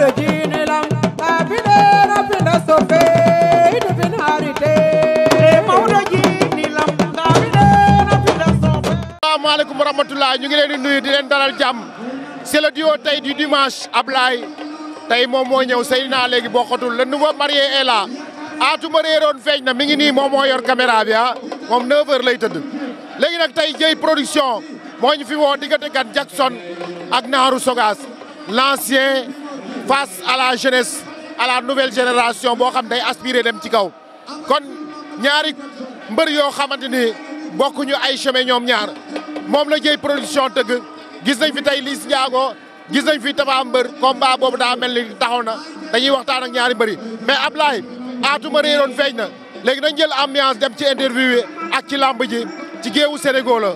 ɓeɗo jiinilam aleykum wa ñu ngi leen di nuyu di leen dalal jàmm c'est le duo tey du dimanche Ablaye tey moom moo ñëw sëy naa léegi bokkatul le nouveau marié est aatuma ah, réeroon feeñ na mi ngi nii moom ah. moom 9h lay tëdd léegi nag tey jëy production moo ñu fi woo diggante kan Jackson ak Naaru Sogas l'ancien face à la jeunesse à la nouvelle génération boo xam day aspirer dem ci kaw kon ñaari mbër yoo xamante ni bokkuñu ay chemin ñoom ñaar moom la jëy production tëgg gis nañ fi tey Liss Ndiago gis nañ fi Tapha Mbeur combat boobu daa mel ni taxaw na dañuy waxtaan ak ñaari mbëri mais Ablaye aatuma réeroon feeñ na léegi nañ jël ambiance dem ci interview yi ak ci làmb ji ci géewu Sénégal la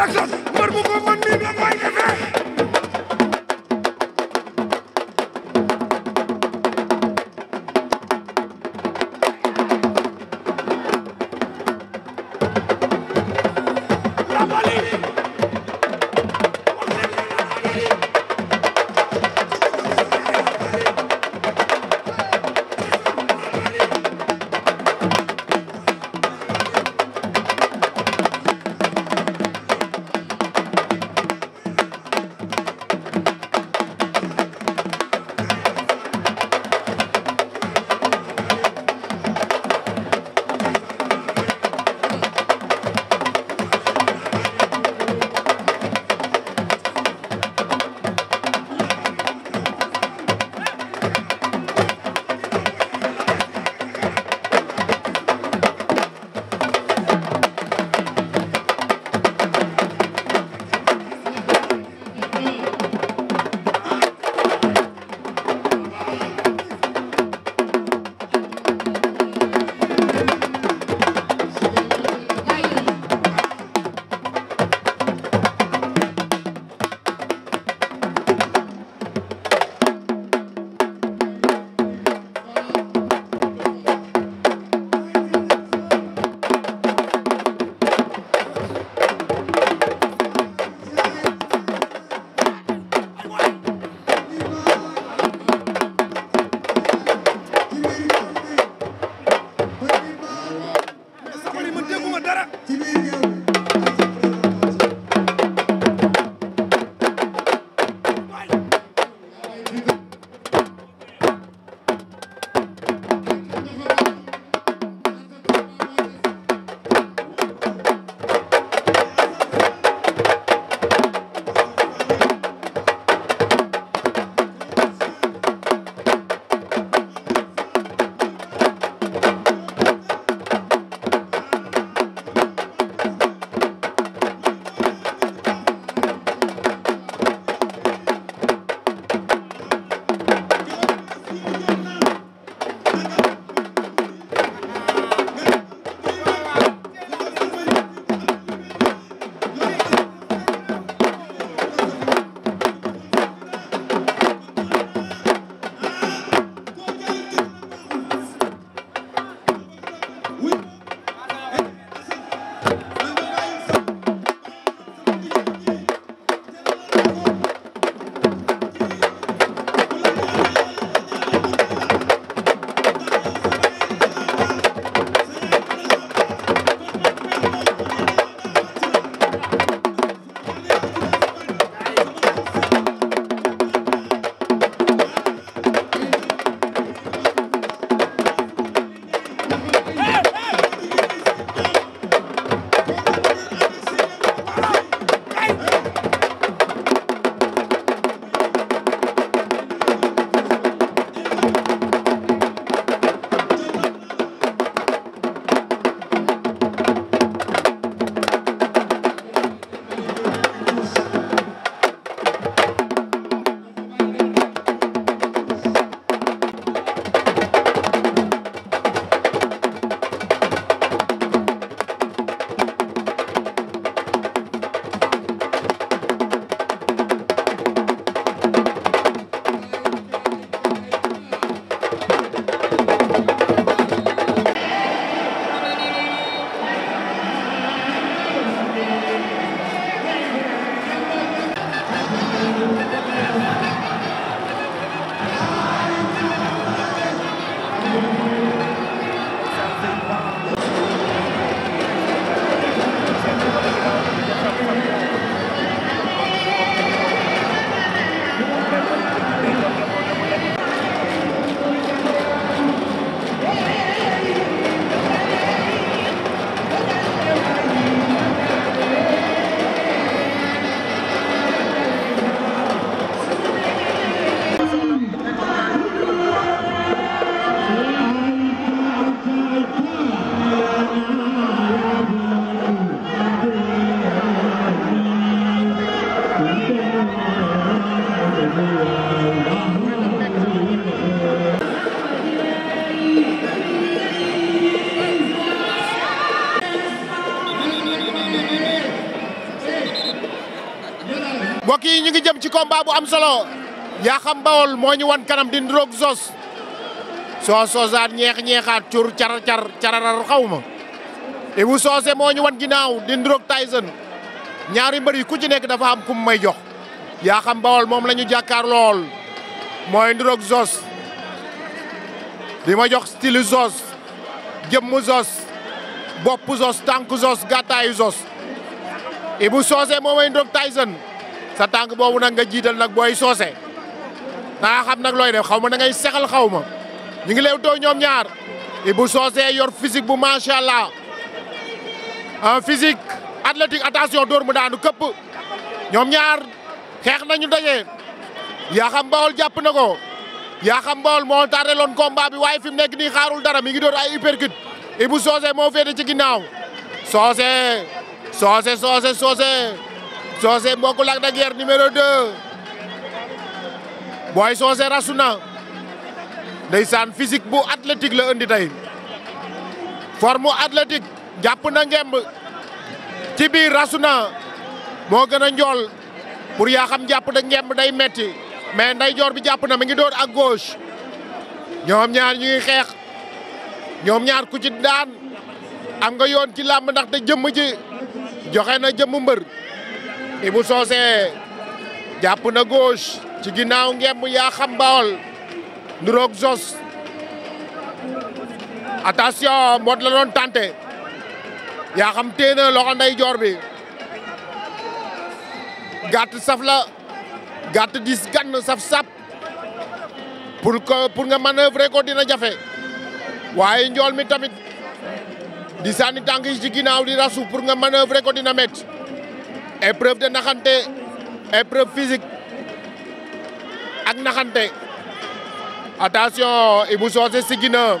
Jackson mbër mu la koy kii ñu ngi jëm ci combat bu am solo yaa xam bawol moo ñu wan kanam di ndroog sos soo soosaat ñeex ñeexaat cur car car cararar xaw ma Ibou moo ñu wan ginnaaw di ndroog Tyson ñaari mbër yi ku ci nekk dafa am kum may jox yaa bawol moom la ñu jàkkaar lool mooy ndroog sos di ma jox style sos jëmm sos bopp sos tànk sos gàttaayu sos Ibou Socé moo may ndroog Tyson sa tànk boobu nag nga jiital nag booy soose daa xam nag looy def xaw ma da ngay sexal xaw ma ñu ngi leew too ñoom ñaar Ibou Socé yor physique bu macha allah en physique athlétique attention dóor mu daanu këpp ñoom ñaar xeex nañu xam Yakham Baol jàpp na ko Yakham Baol moo tardé loon combat bi waaye fi mu nekk nii xaarul dara mi ngi door ay uppercut Ibou Socé moo féete ci ginnaaw Socé Socé Socé Socé Socé mbokk Lac de Guiers numéro 2 Boy Socé rasu na ndeysaan physique bu athlétique la indi tey forme jàpp na ngemb ci biir rasu moo gën a njool pour yaa xam jàpp da ngemb day metti mais ndeyjoor bi jàpp na mi ngi door ak goos ñoom ñaar ñu xeex ñoom ñaar ku ci daan am nga yoon ci làmb ndax te jëmm ji joxe na jëmm mbër Ibou Socé jàpp na gauche ci ginnaaw ngemb yaa xam bawol nuroog Zos attention Mbodj la doon tante yaa xam téye na loxo ndeyjoor bi gàtt saf la gàtt dis gann saf sap pour que pour nga manœuvrer ko dina jafe waaye njool mi tamit di sànni tànk yi ci ginnaaw di rasu pour nga manœuvrer ko dina métti. épreuve de naxante épreuve physique ak naxante attention Ibou Socé siggi na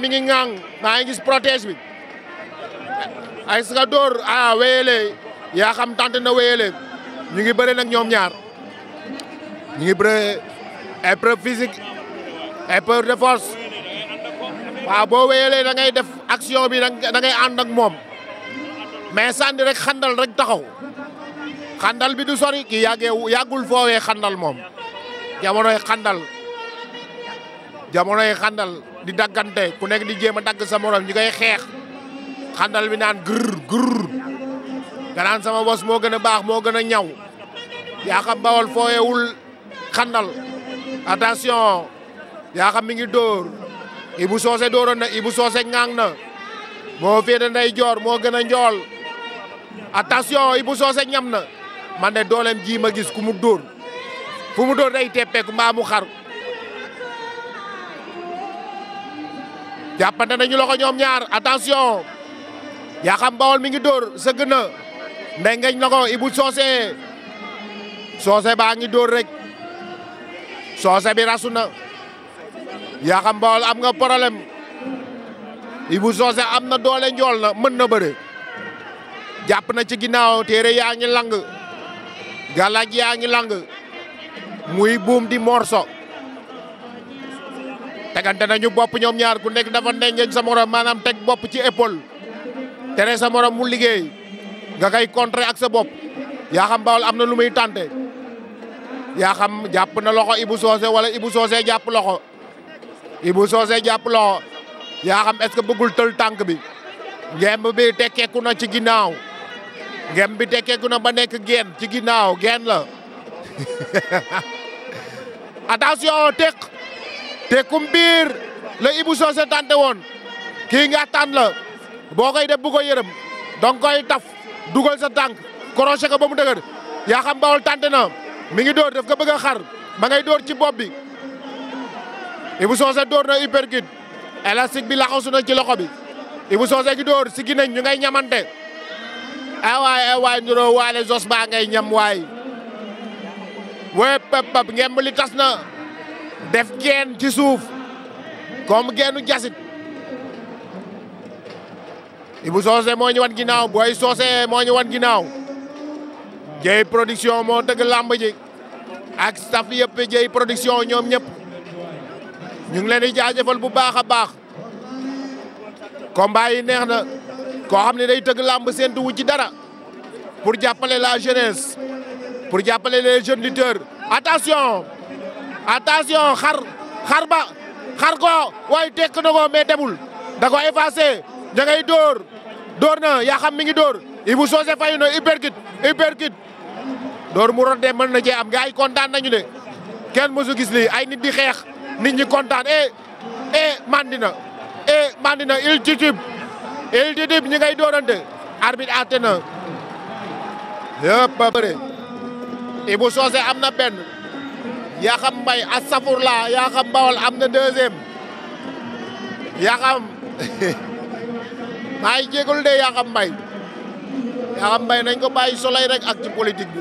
mi ngi ŋang maa ngi gis protège bi ay ska dóor a wéyale yaa xam na wéyale ñu ngi bëre nag ñoom ñaar ñu ngi bëre épreuve physique épreuve de force waaw boo wéyalee da ngay def action bi da ngay ànd ak moom mais sànni rek xandal rek taxaw xandal bi du sori ki yàggee yàggul foowee xandal moom jamonoy xandal jamonoy xandal di daggante ku nekk di jéem a dagg sa morom ñi koy xeex xandal bi naan gërr gërr nga naan sama bos moo gën a baax moo gën a ñaw yaa bawol fooyewul xandal attention yaa xam mi ngi dóor Ibou Socé dóoroon na Ibou Socé ŋaang na moo féete nday joor moo gën a njool attention Ibou soose ñam na man ne dooleem ji ma gis ku mu dóor fu mu dóor day teppeeku mbaa mu xar jàppante nañu loxo ñoom ñaar attention yaa xam bawol mi ngi dóor sëgg na ndengeñ na ko bu Socé Socé baa ngi dóor rek soose bi rasu na yaa xam bawol am nga problème bu Socé am na doole njool na mën na bëre jàpp na ci ginnaaw téere yaa ngi lang galaaj yaa ngi lang muy buum di morso tegante nañu bopp ñoom ñaar ku nekk dafa nengeñ sa morom maanaam teg bopp ci épaule tere sa morom mu liggéey nga koy contrer ak sa bopp yaa xam bawol am na lu muy tànte yaa xam jàpp na loxo ibu Socé wala Ibou Socé jàpp loxo ibu Socé jàpp loxo yaa xam est-ce tël tànk bi ngemb bi tekkeeku na ci ginnaaw ngem bi tekkeeku na ba nekk geen ci ginnaaw geen la attention tek tekkum biir la Ibou Socé tante woon kii nga tànn la boo koy def bu ko yërëm dong koy taf dugal sa tànk crochet ko ba mu yaa xam bawol tante na mi ngi dóor def ko bëgg a xar ma ngay dóor ci bopp bi Ibou Socé door na uppercut élastique bi laxasu na ci loxo bi Ibou Socé gi dóor si gi nañ ñu ngay ñamante awaay awaay nuroo waale jos baa ngay ñam waay wee pëp ngemb li tas na def geen ci suuf comme geenu jasit Ibou Socé moo ñu wan ginnaaw Boy Socé moo wan ginnaaw Dieye Production moo tëgg làmb ji ak staff yëpp Dieye Production ñoom ñëpp ñu ngi leen di jaajëfal bu baax a baax combat yi neex na koo xam ne day tëgg làmb seen wu ci dara pour jàppale la jeunesse pour jàppale les jeunes lutteurs attention attention xar xar ba xar ko waaye tekk na ko mais demul da ko effacé da ngay dóor dóor na yaa xam mi ngi dóor Ibou Socé fayu na uppercut uppercut dóor mu rodde mën na cee am gars yi kontaan nañu ne kenn mësu gis lii ay nit di xeex nit ñi kontaan eh eh mandi na eh mandi na il titube élite dib ñi ngay doorante arbitre àtte na yëpp a bëre Ibou Socé am na benn mbay a astafurla Yakham Bawol am na deuxième Yakham maa ngi jégalu de Yakham Mbaye Yakham Mbaye nañ ko bàyyi soleil rek ak ci politique bi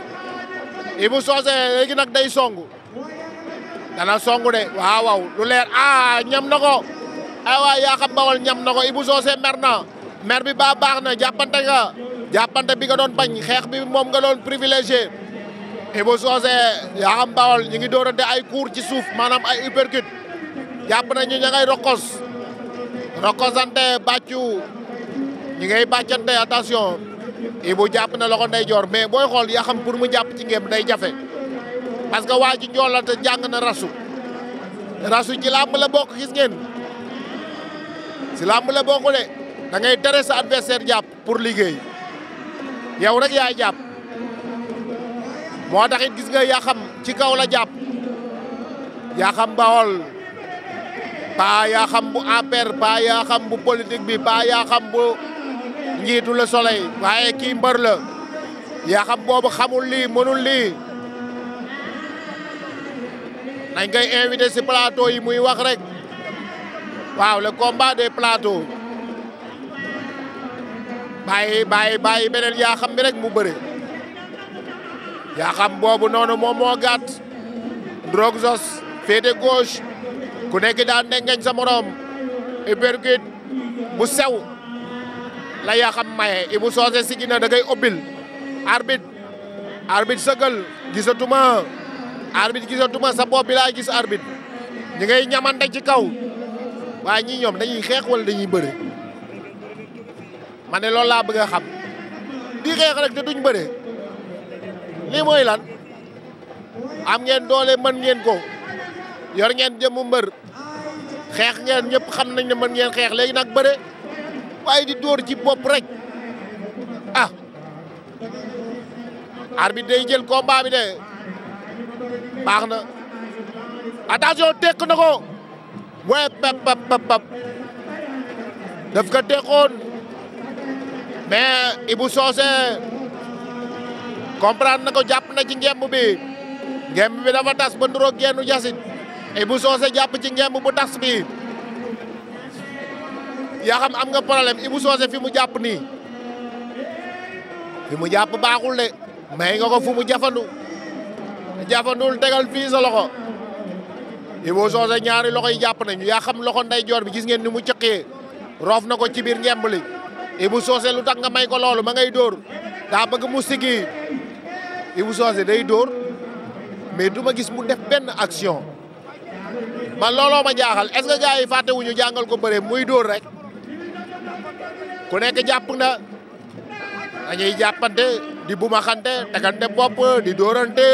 Ibou Socé léegi nag day songu dana songu de waaw waaw lu leer ah ñam na ko ay waa Yakham Bawol ñam na ko Ibou Socé mer na mer bi baa baax na jàppante nga jàppante bi nga doon bañ xeex bi moom nga doon privilégié Ibou Socé Yakham Bawol ñu ngi de ay cours ci suuf maanaam ay uppercut jàpp na ñu ña ngay rokkos rokkosante bàccu ñi ngay bàccante attention Ibou jàpp na loxo ndeyjoor mais booy xool Yakham pour mu jàpp ci ngéem day jafe parce que waa ci njoolante jàng na rasu rasu ci làmb la bokk gis ngeen si làmb la bokk de da ngay tere sa adversaire jàpp pour liggéey yow rek yaa jàpp moo tax gis nga yaa xam ci kaw la jàpp yaa xam bawol paa yaa xam bu APR paa yaa xam bu politique bi paa yaa xam bu njiitu la soleil waaye kii mbër la yaa xam boobu xamul lii mënul lii nañ koy invité si plateau yi muy wax rek waaw le combat des plateaux bàyyi bàyyi bàyyi beneen yaa xam bi rek mu bëre yaaxam boobu noonu moom moo gàtt Drogzos de gauche ku nekk daan ndengeñ sa morom uppercut bu sew la yaa xam maye Ibou Socé sigi na da ngay ubbil arbitre arbitre sëgal gisatuma arbitre gisatuma sa bopp bi laay gis arbitre ñi ngay ñamante ci kaw waaye ñi ñoom dañuy xeex wala dañuy bëre mane ne loolu laa bëgg a xam di xeex rek te duñ bëre lii mooy lan am ngeen doole mën ngeen ko yor ngeen jëmu mbër xeex ngeen ñëpp xam nañ ne mën ngeen xeex léegi nag bëre waaye di dóor ci bopp rek ah arbitre day jël combat bi de baax na attention tekk na ko waaye pap pap pap daf ko tekkoon mais Ibou Socé comprendre na ko jàpp na ci ngemb bi ngemb bi dafa tas ba nduroog geenu jasit Ibou Socé jàpp ci ngemb bu tas bi yaa xam am nga problème Ibou Socé fi mu jàpp nii fi mu jàpp baaxul de may nga ko fu mu jafandu jafandul tegal fii sa loxo Ibou Socé ñaari loxo yi jàpp nañu yaa xam loxo ndeyjoor bi gis ngeen ni mu cëqee roof na ko ci biir ngemb li Ibou Socé lu tax nga may ko loolu ma ngay dóor daa bëgg mu siggi Ibou Socé day dóor mais du ma gis mu def benn action man looloo ma jaaxal est-ce que gars yi fàttewuñu jàngal ko bëre muy dóor rek ku nekk jàpp na dañuy jàppante di bumaxante tegante bopp di dóorante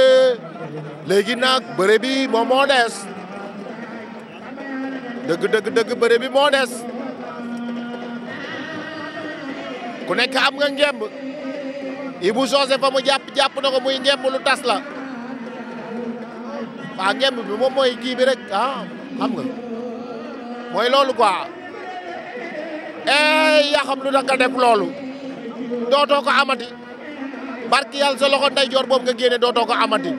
léegi nag bëre bi moom moo dëgg dëgg dëgg bëre bi moo ku nekk am nga ngemb Ibou Socé fa mu jàpp jàpp na ko muy ngemb lu tas la waa ngemb bi moom mooy kii bi rek ah xam nga mooy loolu quoi eh yaa xam lu da nga def doo dootoo ko amati barki yàlla sa loxo ndeyjoor boobu nga génne dootoo ko amati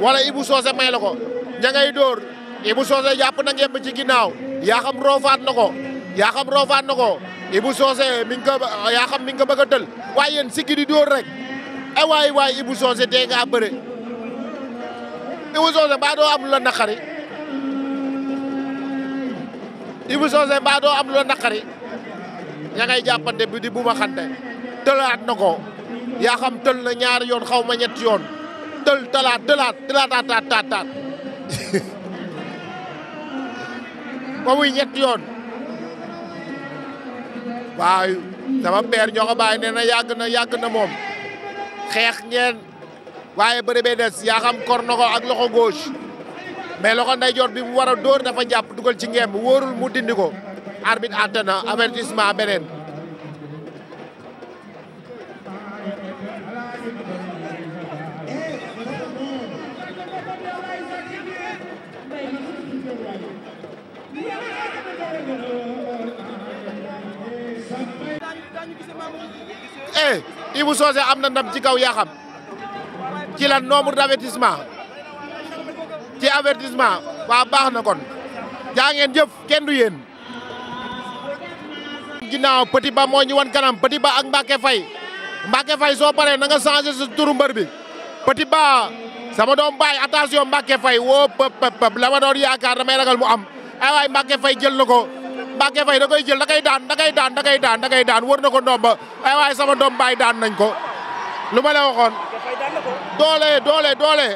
wala Ibou Socé may la ko ña ngay dóor Ibou Socé jàpp na ngemb ci ginnaaw yaa roofaat na ko. yaa roofaan na ko Ibou Socé mi ngi ko yaa xam mi ngi ko bëgg a dël di dóor rek ay eh waay waay Ibou Socé dee ngaa bëre Ibou Socé mbaa doo am la naqari Ibou Socé mbaa doo am la naqari ña ngay jàppante bi di bu ma xante tëlaat na ko yaa tël na ñaari yoon xaw ma ñetti yoon tël talaat tëlaat taat taat taat ba muy yoon waaw sama père ñoo ko bàyyi nee na yàgg na yàgg na moom xeex ngeen waaye bëre bee des yaa xam kor na ko ak loxo gauche mais loxo ndeyjoor bi mu war a dóor dafa jàpp dugal ci ngemb wóorul mu dindi ko arbitre àtte na avertissement beneen eh Ibou Socé am na ndam ci kaw Yaxam ci lan nombre d'avertissement ci avertissement waa baax na kon jaa ngeen jëf kenn du yéen. naaw Petit Ba moo ñu wan kanam Petit Ba ak Mbacke Faye Mbacke Faye soo paree na nga changé sa turu mbër bi Petit Ba sama doom baay attention Mbacke Faye woo pëp pëp la ma doon yaakaar damay ragal mu am ay waay Mbacke Faye jël na ko. Mbacke Faye da koy jël da koy daan da daan da daan da koy daan wër na ko ndomba ay waaye sama doom baay daan nañ ko lu ma la waxoon doole doole doole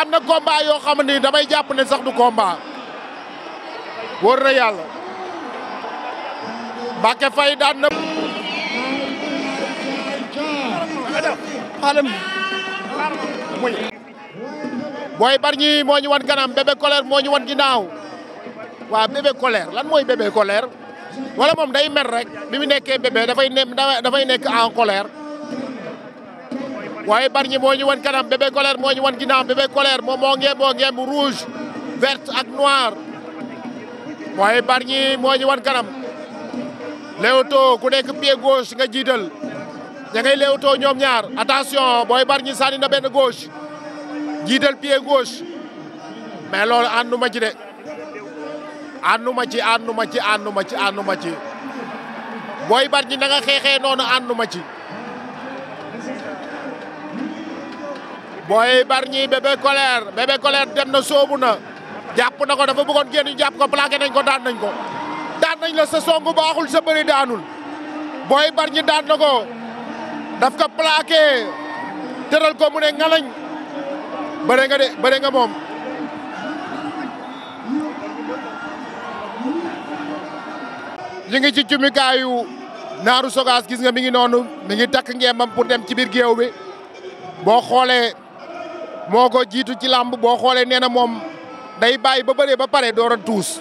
am na combat yoo xam ni damay jàpp ne sax du combat wër na yàlla Mbacke Faye daan na xalem muy booy bar ñi moo ñu wan kanam bébé colère moo ñu wan ginnaaw waaw bébé koleer lan mooy bébé colère wala moom day mer rek bi mu nekkee bébé dafay ne dafay nekk en koleer waaye Bargny moo ñu wan kanam bébé colère moo ñu wan ginnaaw bébé colère moo ngeen moo ngeen bu rouge verte ak noir waaye Bargny moo ñu wan kanam. Leewtoo ku nekk pied gauche nga jiital ña ngay Leewtoo ñoom ñaar attention booy Bargny sànni na benn gauche jiital pied gauche mais loolu ànduma ci de. ànduma ci ànduma ci ànduma ci ànduma ci Boy Bargny na nga xeexee noonu ànduma ci Boy Bargny Bébé Colère Bébé Colère dem na soobu na jàpp na ko dafa bëggoon génn jàpp ko plaqué nañ ko daan nañ ko daan nañ la sa songu baaxul sa bëri daanul Boy Bargny daan na ko daf ko plaqué tëral ko mu ne ngalañ bëre nga de bëre nga moom ñu ngi ci cumikaayu naaru sogaas gis nga mi ngi noonu mi ngi takk ngembam pour dem ci biir géew bi boo xoolee moo ko jiitu ci làmb boo xoolee nee na moom day bàyyi ba bëree ba pare door a tuus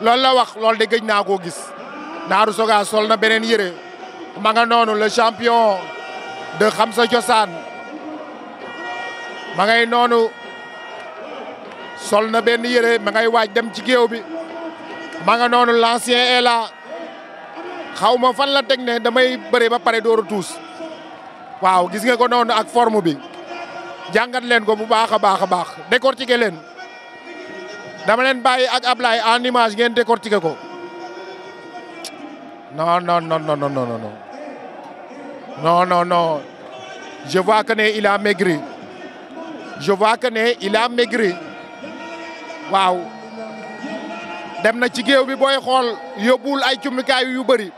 loolu la wax loolu de gëj naa koo gis naaru sogaas sol na beneen yére ma nga noonu la champion de xam sa cosaan ma ngay noonu sol na benn yére ma ngay waaj dem ci géew bi ma nga noonu l'ancien est là xaw ma fan la teg ne damay bëre ba pare dooru tuus waaw gis nga ko noonu ak form bi jàngat leen ko bu baax a baax a baax décortiquer leen dama leen bàyyi ak Ablaye en ngeen décortiquer ko non non non non non non que ne il a maigri je vois que ne il a maigri waaw. dem na ci géew bi booy xool yóbbuwul ay cummikaay yu bëri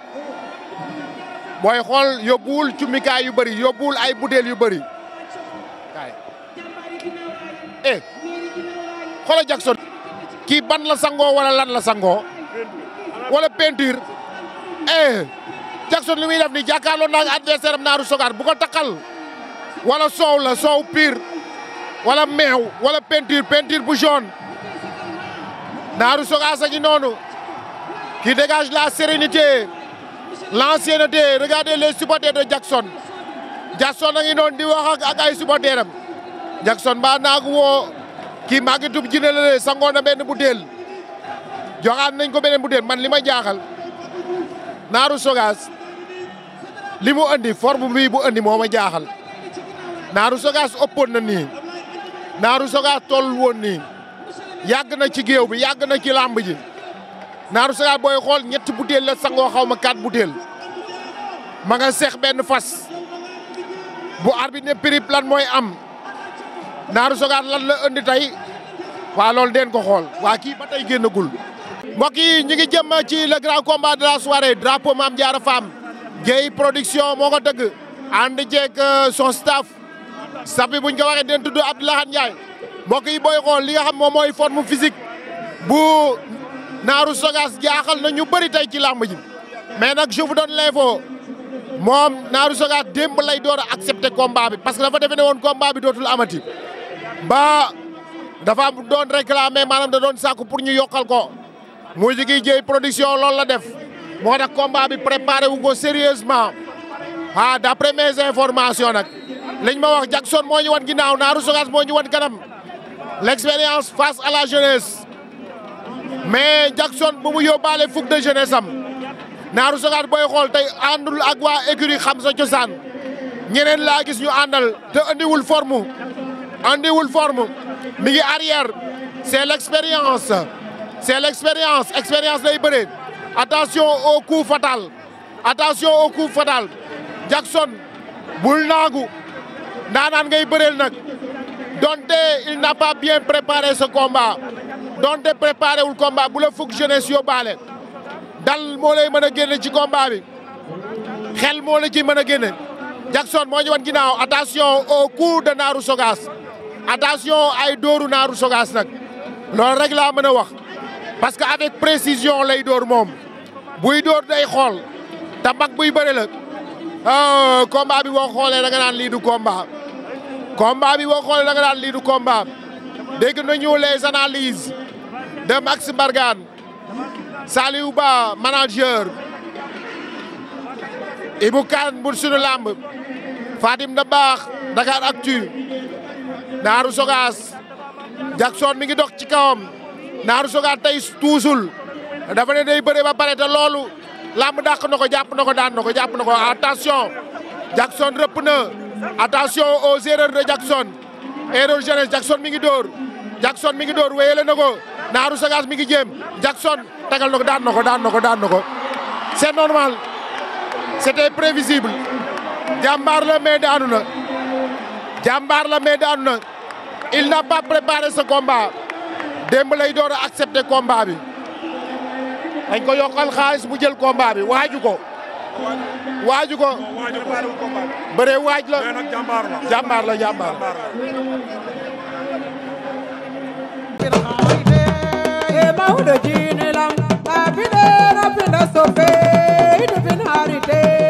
booy xool yóbbuwul cummikaay yu bëri yóbbuwul ay budeel yu bëri kaay eh xoola Jackson kii ban la sangoo wala lan la sangoo wala peinture eh Jackson li muy def ni jàkkaarloo naa adversaire am naaru sogaar bu ko takkal wala soow la soow piir walla meew wala peinture peinture bu jaune naaru Sogas a ngi noonu qui dégage la sérénité l'ancienneté regardez les supporters de Jackson Jackson a ngi noonu di wax ak ay supporters am Jackson ba naagu woo kii màggatub jine la sangoon na benn butéel joxaat nañ ko beneen butéel man li ma jaaxal naaru sogaas li mu andi forme bi bu andi moo ma jaaxal naaru Sogas ëppoon na nii Daaru Sogas toll nii yàgg na ci géew bi yàgg na ci làmb ji naaru Sagaar booy xool ñett butéel la sangoo xaw ma quatre butéel ma nga seex benn fas bu arbitre ne prip lan mooy am naaru Sagaar lan la indi tey waa loolu den ko xool waa kii ba tey génnagul. mbokk yi ñu ngi jëm ci le grand combat de la soirée drapeau Mame Diarra Fam Guèye production moo ko dëgg ànd ceeg euh, son staff sabi buñ ko waxee den tudd Abdoulaye Ndiaye. mbokk yi booy xool li nga xam moom mooy forme physique bu Naaru Sogas jaaxal na ñu bëri tey ci làmb ji mais nag je vous donne l'info moom Naaru Sogas démb lay door a accepter combat bi parce que dafa defe ne woon combat bi dootul amati ba dafa doon réclamer maanaam da doon sàkku pour ñu yokkal ko musique yi jëy production loolu la def moo tax combat bi préparé wu ko sérieusement ah d'après mes informations nag liñ ma wax Jackson moo ñu wan ginnaaw Naaru Sogas moo ñu wan kanam l'expérience face à la jeunesse mais Jackson bu mu yóbbaale fukk de jeunesse am Narou Sogas booy xool tey àndul ak waa écurie xam sa cosaan ñeneen laa gis ñu àndal te andiwul forme andiwul forme mi ngi arrière c'est l'expérience c'est l'expérience expérience day bëre attention au coup fatal attention au coup fatal Jackson bul naagu ndaanaan ngay bëreel nag donte il n'a pas bien préparé ce combat donte préparé wul combat bu la fukk jeunesse yóbbaale dal moo lay mën a génne ci combat bi xel moo la ciy mën a génne Jackson moo ñu wan ginnaaw attention au coup de Naaru Sogas attention ay dóoru Naaru Sogas nag loolu rek laa mën a wax parce que avec précision lay dóor moom buy dóor day xool ta mag buy bëri la ah, combat bi boo xoolee da nga naan lii du combat. combat bi boo xoolee da daan lii du combat dégg nañu les analyses de Max Mbargane Saliou Ba manager Ibou Kane sunu làmb Fatim da baax Dakar Actu Naaru Sogas Jackson mi ngi dox ci kawam Naaru Sogas tey tuusul dafa ne day bëre ba pare ta loolu làmb dàq na ko jàpp na ko daan na ko jàpp na ko rëpp na. attention aux erreurs de Jackson erreur jeunesse Jackson mi ngi dóor Jackson mi ngi door wéyale na ko Naaru Sagaas mi ngi jéem Jackson tagal na ko daan na ko daan na ko daan na ko c'est normal c'était prévisible jàmbaar la mais daanu na jàmbaar la mais daanu na il n'a pas préparé ce combat démb lay door a accepter combat bi dañ ko yokkal xaalis mu jël combat bi waaju ko. waaju ko bëree waaj la jàmbaar la jàmbaar eh, mawɗo jiinilam abiɗe rapinda sofe idu bin harite